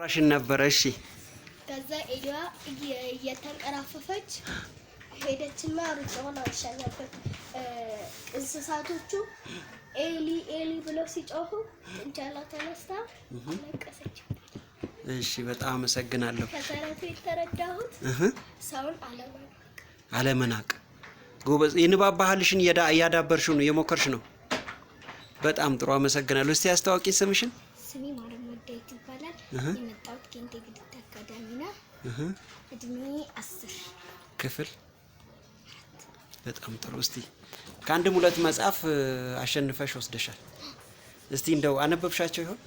ራሽን ነበረ። እሺ ከዛ ኤዲዋ እየተንቀራፈፈች ሄደችና ሩጫውን አሸነፈች። እንስሳቶቹ ኤሊ ኤሊ ብለው ሲጮሁ እንቻላ ተነስታ አለቀሰች። እሺ በጣም አመሰግናለሁ። ከተረቱ የተረዳሁት ሰውን አለመናቅ አለመናቅ። ጎበዝ የንባብ ባህልሽን እያዳበርሽ ነው፣ እየሞከርሽ ነው። በጣም ጥሩ አመሰግናለሁ። እስቲ አስተዋወቂ ስምሽን። ስሜ የመጣሁት ኬንቴ ግድት አካዳሚ ነው። እድሜ አስር ክፍል በጣም ጥሩ። እስቲ ከአንድም ሁለት መጽሐፍ አሸንፈሽ ወስደሻል። እስቲ እንደው አነበብሻቸው ይሆን?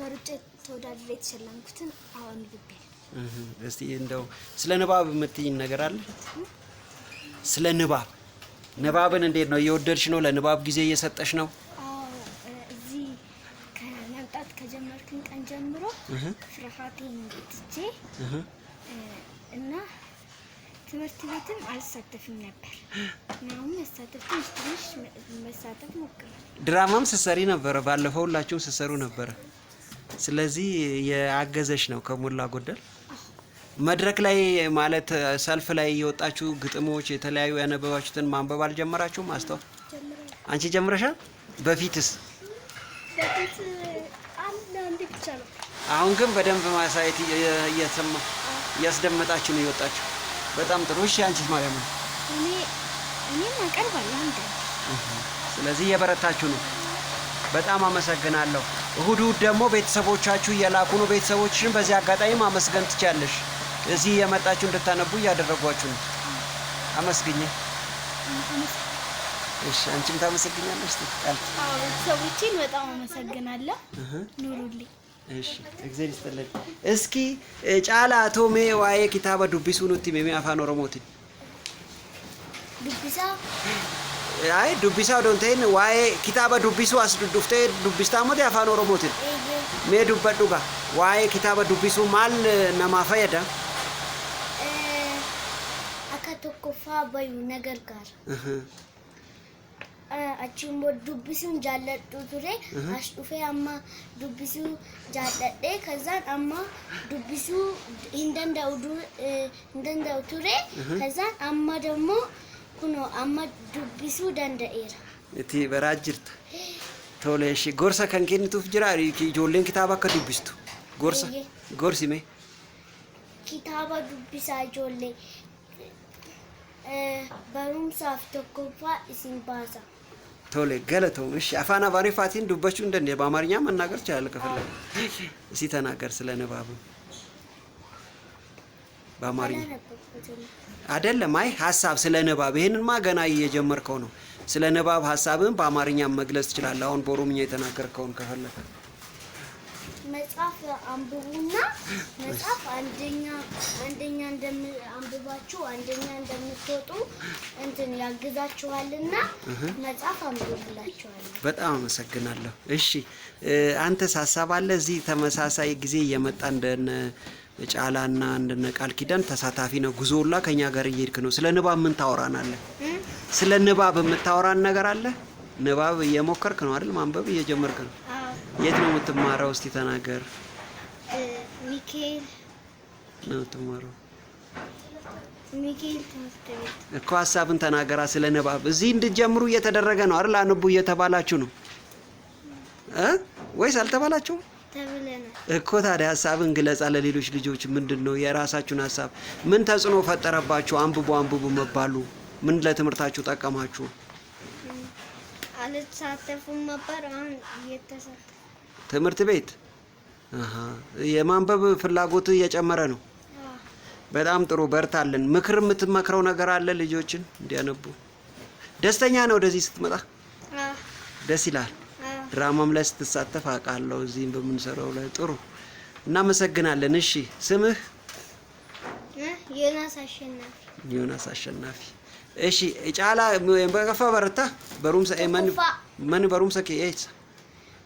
በሩጫ ተወዳድሬ የተሸለምኩትን አሁን እስቲ እንደው ስለ ንባብ የምትይኝ ነገር አለ? ስለ ንባብ ንባብን እንዴት ነው እየወደድሽ ነው? ለንባብ ጊዜ እየሰጠሽ ነው? ሀፒን ገጥቼ እና ትምህርት ቤትም አልሳተፍም ነበር። አሁን መሳተፍ ትንሽ ትንሽ መሳተፍ ሞክራል። ድራማም ስሰሪ ነበረ፣ ባለፈው ሁላችሁም ስሰሩ ነበረ። ስለዚህ የአገዘሽ ነው ከሞላ ጎደል። መድረክ ላይ ማለት ሰልፍ ላይ የወጣችሁ ግጥሞች፣ የተለያዩ ያነበባችሁትን ማንበብ አልጀመራችሁም? አስተዋል አንቺ ጀምረሻል? በፊትስ አሁን ግን በደንብ ማሳየት እየሰማ እያስደመጣችሁ ነው የወጣችሁ። በጣም ጥሩ። እሺ አንቺስ ማርያም ነው? ስለዚህ እየበረታችሁ ነው። በጣም አመሰግናለሁ። እሁድ እሁድ ደግሞ ቤተሰቦቻችሁ እየላኩ ነው። ቤተሰቦችን በዚህ አጋጣሚ ማመስገን ትቻለሽ። እዚህ እየመጣችሁ እንድታነቡ እያደረጓችሁ ነው። አመስግኘ እሺ አንቺም ታመሰግኛለሽ። ቃል ቤተሰቦቼን በጣም አመሰግናለሁ። ኑሩልኝ። እሺ እግዚአብሔር ይስጥልኝ። እስኪ ጫላ ቶሜ ዋዬ ኪታባ ዱቢሱ ኑቲ ሜሜ አፋን ኦሮሞቲን ዱቢሳ አይ ዱቢሳ ዶንቴን ዋዬ ኪታባ ዱቢሱ አስዱዱፍቴ ዱቢስታሞቴ አፋን ኦሮሞቲን ሜ ዱበዱጋ ዋዬ ኪታባ ዱቢሱ ማል ነማ ፈየዳ አካ tokkoffaa bayu nagargaara achiin bood dubbisuun jaalladhu ture. As dhufee amma dubbisuu jaalladhee kazaan amma dubbisuu hin danda'u ture. Kazaan amma ደግሞ kunoo amma dubbisuu danda'eera. Itti baraa jirta. Tole ishee gorsa kan kennituuf jira ijoolleen kitaaba akka dubbistu gorsa gorsime. Kitaaba dubbisaa ijoollee barumsaaf tokkoffaa isin baasa. ቶሎ ገለተው እሺ። አፋና አባሪ ፋቲን ዱበችው እንደ በአማርኛ መናገር ይችላል። ከፈለገ እሺ ተናገር ስለ ንባብ በአማርኛ አይደለም። አይ ሀሳብ ስለ ንባብ ይሄንንማ ገና እየጀመርከው ነው። ስለ ንባብ ሀሳብን በአማርኛ መግለጽ ትችላለህ። አሁን በኦሮምኛ የተናገርከውን ከፈለገ መጽሐፍ አንብቡና መጽሐፍ አንደኛ አንደኛ አንብባችሁ አንደኛ እንደምትወጡ እንትን ያግዛችኋልና መጽሐፍ አንብቡላችኋል። በጣም አመሰግናለሁ። እሺ አንተስ ሀሳብ አለ? እዚህ ተመሳሳይ ጊዜ እየመጣ እንደነ ጫላና እንደነ ቃል ኪዳን ተሳታፊ ነው። ጉዞውላ ከኛ ጋር እየሄድክ ነው። ስለ ንባብ ምን ታወራናለህ? ስለ ንባብ የምታወራን ነገር አለ? ንባብ እየሞከርክ ነው አይደል? ማንበብ እየጀመርክ ነው። የት ነው የምትማረው? እስቲ ተናገር። ሚካኤል ነው የምትማረው? ሚካኤል ትምህርት ቤት እኮ ሀሳብን ተናገራ። ስለ ንባብ እዚህ እንድጀምሩ እየተደረገ ነው አይደል? አንቡ እየተባላችሁ ነው እ ወይስ አልተባላችሁም? እኮ ታዲያ ሀሳብን ግለጻ ለሌሎች ልጆች ምንድን ነው የራሳችሁን ሀሳብ ምን ተጽዕኖ ፈጠረባችሁ? አንብቡ አንብቡ መባሉ ምን ለትምህርታችሁ ጠቀማችሁ? አልተሳተፉም ነበር። አሁን እየተሳተፉ ትምህርት ቤት የማንበብ ፍላጎት እየጨመረ ነው። በጣም ጥሩ በርታለን። ምክር የምትመክረው ነገር አለ ልጆችን እንዲያነቡ? ደስተኛ ነው ወደዚህ ስትመጣ ደስ ይላል። ድራማም ላይ ስትሳተፍ አውቃለሁ። እዚህም በምንሰራው ላይ ጥሩ። እናመሰግናለን። እሺ ስምህ? ዮናስ አሸናፊ። ዮናስ አሸናፊ። እሺ ጫላ በቀፋ በረታ በሩምሰ መን በሩምሰ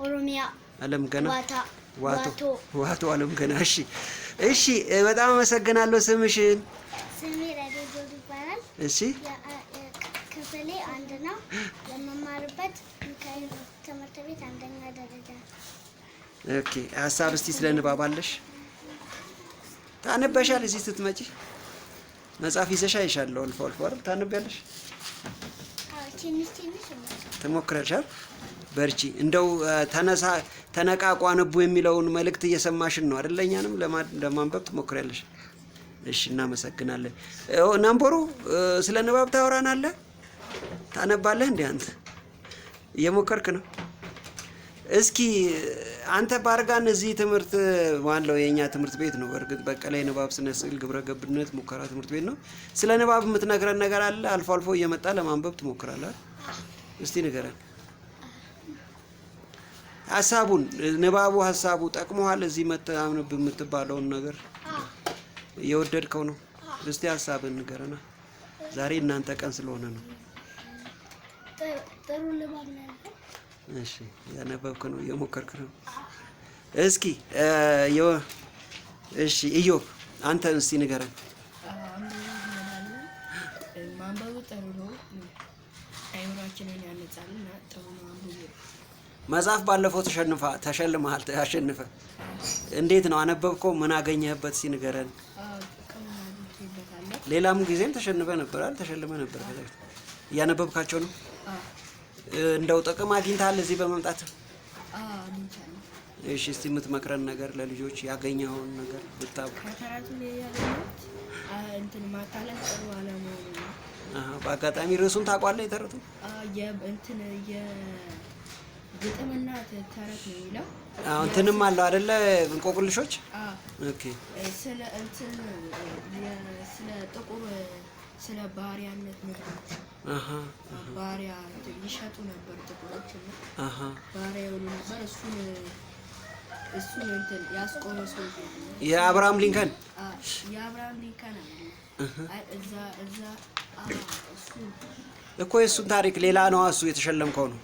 ኦሮሚያ አለም ገና ዋቶ ዋቶ አለም ገና። እሺ እሺ፣ በጣም አመሰግናለሁ። ስምሽን? ስሜ ረዴጆ ይባላል። እሺ፣ ክፍሌ አንድ ነው። የምማርበት ሚካኤል ትምህርት ቤት አንደኛ ደረጃ። ኦኬ፣ ሀሳብ እስቲ ስለ ንባብ አለሽ? ታንበሻል? እዚህ ስትመጪ መጽሐፍ ይዘሽ አይሻለሁ። አልፎ አልፎ አይደል ታንቢያለሽ? ትንሽ ትንሽ ትሞክሪያለሽ አይደል? በርቺ። እንደው ተነሳ ተነቃቋ ንቡ የሚለውን መልእክት እየሰማሽን ነው አይደለ? እኛንም ለማንበብ ትሞክሪያለሽ። እሺ፣ እናመሰግናለን። ናምፖሩ ስለ ንባብ አለ ታነባለህ? እንደ አንተ እየሞከርክ ነው። እስኪ አንተ ባርጋን እዚህ ትምህርት ዋለው የእኛ ትምህርት ቤት ነው። በእርግጥ በቀላይ ንባብ፣ ስነ ስዕል፣ ግብረ ገብነት ሙከራ ትምህርት ቤት ነው። ስለ ንባብ የምትነግረን ነገር አለ? አልፎ አልፎ እየመጣ ለማንበብ ትሞክራለህ? እስቲ ንገረን። ሀሳቡን ንባቡ ሀሳቡ ጠቅሞሃል። እዚህ መተምንብ የምትባለውን ነገር እየወደድከው ነው። እስቲ ሀሳብን ንገረና። ዛሬ እናንተ ቀን ስለሆነ ነው። እሺ፣ ያነበብክ ነው እየሞከርክ ነው። እስኪ እሺ፣ ኢዮብ አንተ እስቲ ንገረን። ማንበቡ ጥሩ ነው፣ አይምሯችንን ያነጻልና ጥሩ ነው። አንብቡ መጽሐፍ ባለፈው ተሸንፋ ተሸልመሃል። አሸንፈ እንዴት ነው አነበብከው? ምን አገኘህበት? ሲንገረን። ሌላም ጊዜም ተሸንፈ ነበር አይደል? ተሸልመ ነበር። እያነበብካቸው ነው? እንደው ጥቅም አግኝተሃል እዚህ በመምጣት? እሺ፣ እስቲ የምትመክረን ነገር ለልጆች ያገኘኸውን ነገር ብታውቅ። በአጋጣሚ ርዕሱን ታውቋለህ? የተረቱ ግጥምና ተረት የሚለው። አሁን እንትንም አለው አይደለ? እንቆቅልሾች ስለ እንትን ስለ ጥቁር ስለ ባህሪያነት ባህሪያ ይሸጡ ነበር ጥቁሮች እና ባህሪያ ነበር። እሱን እሱን እንትን ያስቆመ ሰው የአብርሃም ሊንከን የአብርሃም ሊንከን እዛ እዛ እኮ የእሱን ታሪክ ሌላ ነዋ። እሱ የተሸለምከው ነው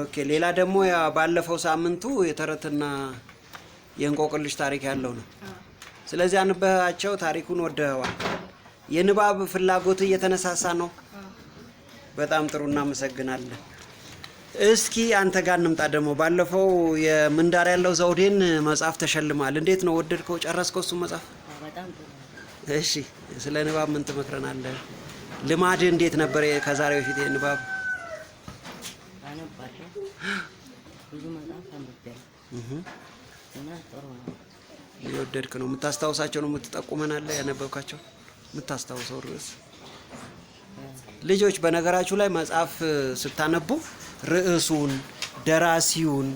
ኦኬ። ሌላ ደግሞ ባለፈው ሳምንቱ የተረትና የእንቆቅልሽ ታሪክ ያለው ነው። ስለዚህ አንበቸው ታሪኩን ወደዋል። የንባብ ፍላጎት እየተነሳሳ ነው። በጣም ጥሩ እናመሰግናለን። እስኪ አንተ ጋር እንምጣ። ደግሞ ባለፈው የምንዳር ያለው ዘውዴን መጽሐፍ ተሸልማል። እንዴት ነው ወደድከው? ጨረስከው? እሱ መጽሐፍ እሺ። ስለ ንባብ ምን ትመክረናለህ? ልማድ እንዴት ነበር ከዛሬ በፊት የንባብ ብዙ መጽሐፍ አንብቤያለሁ እና ጥሩ ነው። የወደድክ ነው የምታስታውሳቸው ነው የምትጠቁመናለ ያነበብካቸው የምታስታውሰው ርዕስ ልጆች በነገራችሁ ላይ መጽሐፍ ስታነቡ ርዕሱን፣ ደራሲውን፣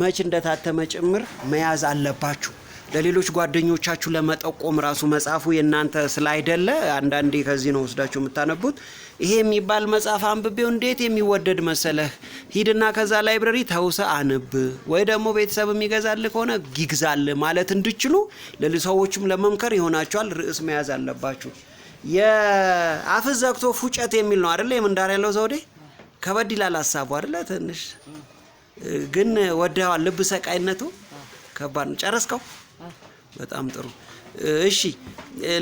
መች እንደታተመ ጭምር መያዝ አለባችሁ። ለሌሎች ጓደኞቻችሁ ለመጠቆም ራሱ መጽሐፉ የእናንተ ስላይደለ አንዳንዴ ከዚህ ነው ወስዳችሁ የምታነቡት። ይሄ የሚባል መጽሐፍ አንብቤው እንዴት የሚወደድ መሰለህ! ሂድና ከዛ ላይብረሪ ተውሰ አንብ፣ ወይ ደግሞ ቤተሰብ የሚገዛል ከሆነ ይግዛል ማለት እንድችሉ ለሰዎችም ለመምከር ይሆናቸዋል። ርዕስ መያዝ አለባችሁ። የአፍ ዘግቶ ፉጨት የሚል ነው አደለ? ያለው ዘውዴ ከበድ ይላል ሀሳቡ አደለ? ትንሽ ግን ወደዋል። ልብ ሰቃይነቱ ከባድ ነው። ጨረስከው? በጣም ጥሩ። እሺ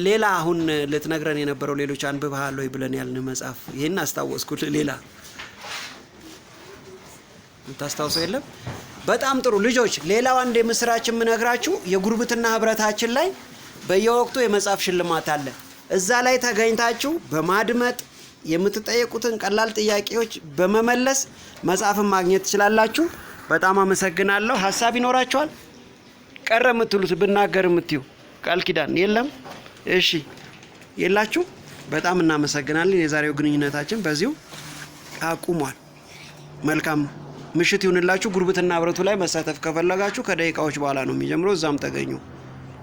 ሌላ አሁን ልትነግረን የነበረው ሌሎች አንብበሃል ወይ ብለን ያልን መጽሐፍ ይህን አስታወስኩት። ሌላ የምታስታውሰው የለም? በጣም ጥሩ ልጆች። ሌላው አንድ የምስራች የምነግራችሁ የጉርብትና ህብረታችን ላይ በየወቅቱ የመጽሐፍ ሽልማት አለ። እዛ ላይ ተገኝታችሁ በማድመጥ የምትጠየቁትን ቀላል ጥያቄዎች በመመለስ መጽሐፍን ማግኘት ትችላላችሁ። በጣም አመሰግናለሁ። ሀሳብ ይኖራችኋል? ቀረ የምትሉት ብናገር የምትዩ ቃል ኪዳን የለም? እሺ የላችሁ። በጣም እናመሰግናለን። የዛሬው ግንኙነታችን በዚሁ አቁሟል። መልካም ምሽት ይሁንላችሁ። ጉርብትና ህብረቱ ላይ መሳተፍ ከፈለጋችሁ ከደቂቃዎች በኋላ ነው የሚጀምረው። እዛም ተገኙ።